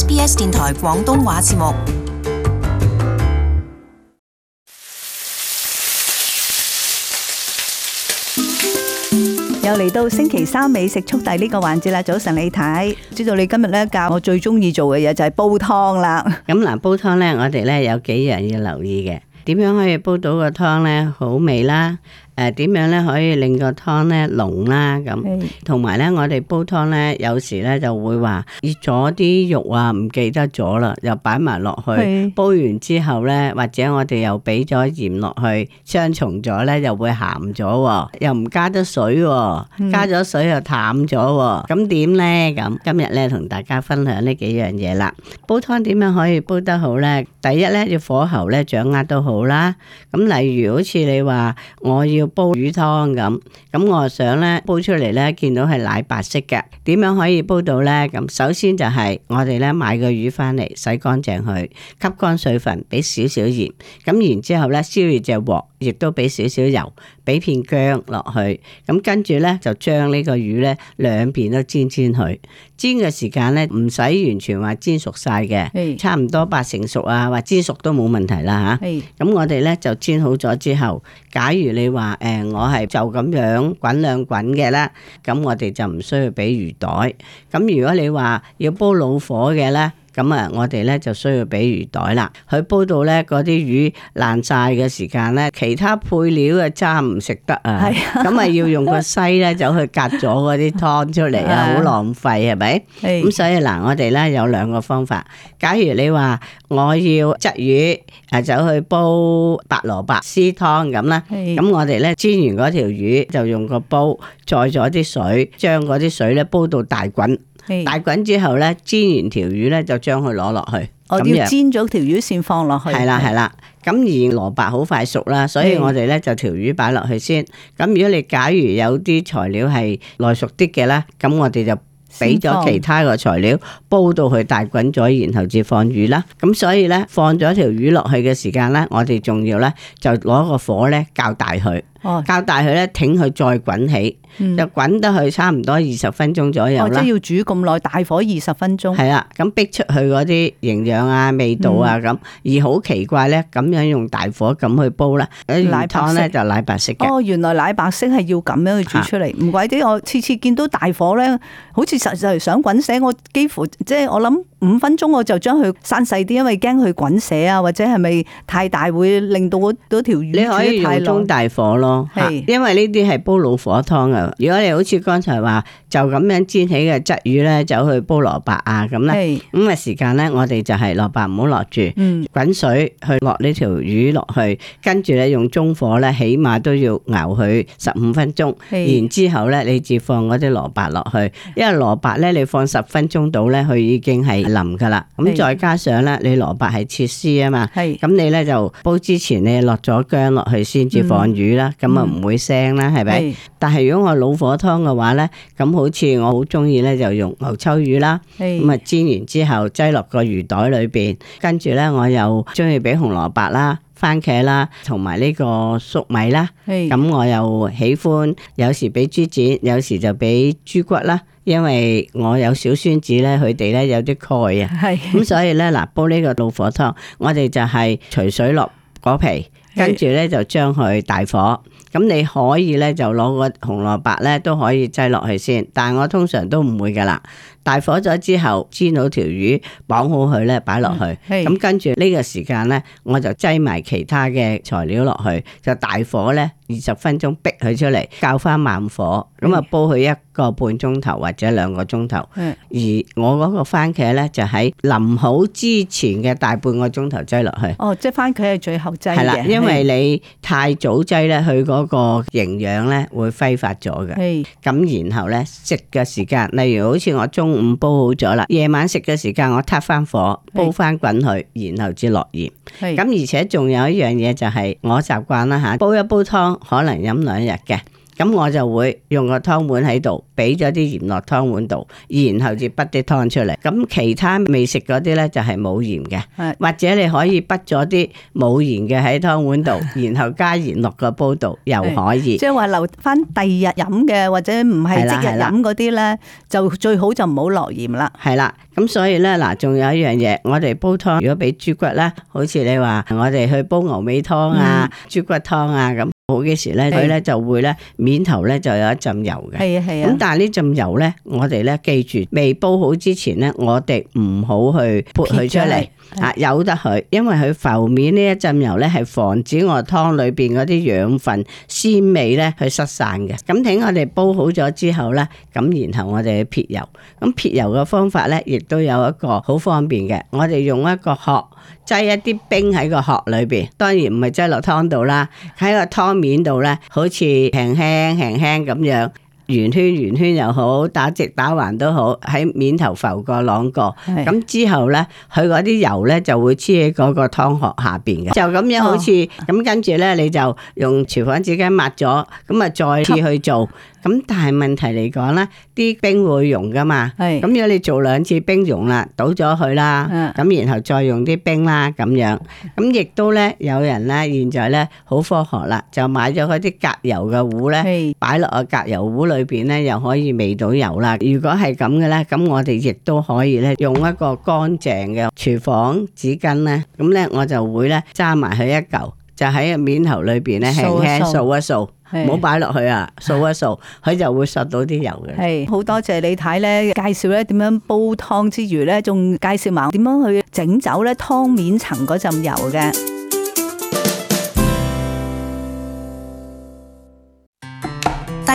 SBS 電台廣東話節目，又嚟到星期三美食速遞呢個環節啦！早晨你睇，知道你今日咧教我最中意做嘅嘢就係煲湯啦。咁嗱，煲湯咧，我哋咧有幾樣要留意嘅，點樣可以煲到個湯咧好味啦？誒點、呃、樣咧可以令個湯咧濃啦咁，同埋咧我哋煲湯咧有時咧就會話熱咗啲肉啊，唔記得咗啦，又擺埋落去，是煲完之後咧，或者我哋又俾咗鹽落去，雙重咗咧又會鹹咗喎，又唔加得水喎、啊，嗯、加咗水又淡咗喎，咁點咧？咁今日咧同大家分享呢幾樣嘢啦，煲湯點樣可以煲得好咧？第一咧要火候咧掌握都好啦，咁例如好似你話我要。煲魚湯咁，咁我想呢，煲出嚟呢，見到係奶白色嘅，點樣可以煲到呢？咁首先就係我哋呢買個魚翻嚟，洗乾淨佢，吸乾水分，俾少少鹽。咁然之後呢，燒熱隻鑊，亦都俾少少油，俾片薑落去。咁跟住呢，就將呢個魚呢，兩邊都煎煎佢。煎嘅時間咧，唔使完全話煎熟晒嘅，差唔多八成熟啊，話煎熟都冇問題啦吓，咁 我哋咧就煎好咗之後，假如你話誒我係就咁樣滾兩滾嘅咧，咁我哋就唔需要俾魚袋。咁如果你話要煲老火嘅咧。咁啊，我哋咧就需要俾魚袋啦。佢煲到咧嗰啲魚爛晒嘅時間咧，其他配料嘅渣唔食得啊。係啊，咁啊要用個篩咧走去隔咗嗰啲湯出嚟啊，好 浪費係咪？係。咁是所以嗱，我哋咧有兩個方法。假如你話我要鯽魚啊，走去煲白蘿蔔絲湯咁啦。係。咁是我哋咧煎完嗰條魚，就用個煲載咗啲水，將嗰啲水咧煲到大滾。大滾之後咧，煎完條魚咧，就將佢攞落去，咁、哦、樣要煎咗條魚先放落去。係啦，係啦，咁而蘿蔔好快熟啦，所以我哋咧就條魚擺落去先。咁、嗯、如果你假如有啲材料係耐熟啲嘅咧，咁我哋就俾咗其他個材料煲到佢大滾咗，然後至放魚啦。咁所以咧放咗條魚落去嘅時間咧，我哋仲要咧就攞個火咧較大佢，較大佢咧挺佢再滾起。嗯、就滾得去差唔多二十分鐘左右啦、哦，即係要煮咁耐，大火二十分鐘。係啦，咁逼出去嗰啲營養啊、味道啊咁，嗯、而好奇怪咧，咁樣用大火咁去煲啦，奶、嗯、湯咧就奶白色。哦，原來奶白色係要咁樣去煮出嚟。唔、啊、怪啲我次次見到大火咧，好似實實係想滾死我，幾乎即係、就是、我諗。五分鐘我就將佢閂細啲，因為驚佢滾瀉啊，或者係咪太大會令到嗰嗰條魚太，你可以用中大火咯，係是，因為呢啲係煲老火湯啊。如果你好似剛才話就咁樣煎起嘅鯽魚咧，走去煲蘿蔔啊咁咧，咁啊是時間咧，我哋就係蘿蔔唔好落住，滾水去落呢條魚落去，跟住咧用中火咧，起碼都要熬佢十五分鐘，是然之後咧你至放嗰啲蘿蔔落去，因為蘿蔔咧你放十分鐘到咧，佢已經係。淋噶啦，咁再加上咧，的你蘿蔔係切絲啊嘛，咁的你咧就煲之前你落咗薑落去先至放魚啦，咁啊唔會腥啦，係咪？的但係如果我老火湯嘅話咧，咁好似我好中意咧就用牛秋魚啦，咁啊的煎完之後擠落個魚袋裏邊，跟住咧我又中意俾紅蘿蔔啦。番茄啦，同埋呢個粟米啦，咁是的 我又喜歡。有時俾豬展，有時就俾豬骨啦。因為我有小孫子呢，佢哋呢有啲鈣啊，咁是的 所以呢，嗱，煲呢個老火湯，我哋就係除水落果皮，跟住呢就將佢大火。咁你可以呢，就攞個紅蘿蔔呢都可以擠落去先，但係我通常都唔會㗎喇。大火咗之後，煎好條魚，綁好佢咧，擺落去。咁跟住呢個時間呢，我就擠埋其他嘅材料落去，就大火呢，二十分鐘逼佢出嚟，較返慢火，咁啊是煲佢一個半鐘頭或者兩個鐘頭。是而我嗰個番茄呢，就喺淋好之前嘅大半個鐘頭擠落去。哦，即番茄係最後擠嘅。係啦，因為你太早擠呢，佢嗰是個營養咧會揮發咗嘅。咁是然後呢，食嘅時間，例如好似我中。唔煲好咗啦，夜晚食嘅時間我撻翻火，煲翻滾佢，然後至落鹽。咁是而且仲有一樣嘢，就係我習慣啦吓，煲一煲湯可能飲兩日嘅。咁我就會用個湯碗喺度，俾咗啲鹽落湯碗度，然後至潷啲湯出嚟。咁其他未食嗰啲呢，就係冇鹽嘅， 或者你可以潷咗啲冇鹽嘅喺湯碗度， 然後加鹽落個煲度又可以。即係話留翻第二日飲嘅，或者唔係即日飲嗰啲呢，的的就最好就唔好落鹽啦。係啦，咁所以呢，嗱，仲有一樣嘢，我哋煲湯如果俾豬骨呢，好似你話我哋去煲牛尾湯、豬骨湯 啊、豬骨湯啊咁。好嘅時咧，佢咧就會咧面頭咧就有一浸油嘅。係啊係啊。咁但係呢浸油咧，我哋咧記住未煲好之前咧，我哋唔好去撥佢出嚟啊，由得佢，因為佢浮面呢一浸油咧係防止我湯裏邊嗰啲養分、鮮味咧去失散嘅。咁等我哋煲好咗之後咧，咁然後我哋撇油。咁撇油嘅方法咧，亦都有一個好方便嘅，我哋用一個殼。擠一啲冰喺個殼裏邊，當然唔係擠落湯度啦，喺個湯面度咧，好似輕輕輕輕咁樣。圓圈圓圈又好，打直打橫都好，喺面頭浮個浪個，咁是之後呢，佢嗰啲油呢就會黐喺嗰個湯殼下邊嘅。就咁樣好似咁，哦、跟住呢，你就用廚房紙巾抹咗，咁啊再次去做。咁但係問題嚟講呢，啲冰會溶噶嘛？咁是如果你做兩次冰溶啦，倒咗佢啦，咁是然後再用啲冰啦，咁樣咁亦都呢，有人呢現在呢，好科學啦，就買咗嗰啲隔油嘅壺呢，擺落個隔油壺裏。裏邊咧又可以味到油啦。如果係咁嘅咧，咁我哋亦都可以咧用一個乾淨嘅廚房紙巾咧，咁咧我就會咧揸埋佢一嚿，就喺個面頭裏邊咧輕輕掃一掃，唔好擺落去啊，掃一掃，佢就會索到啲油嘅。係好多謝你睇咧介紹咧點樣煲湯之餘咧，仲介紹埋點樣去整走咧湯面層嗰浸油嘅。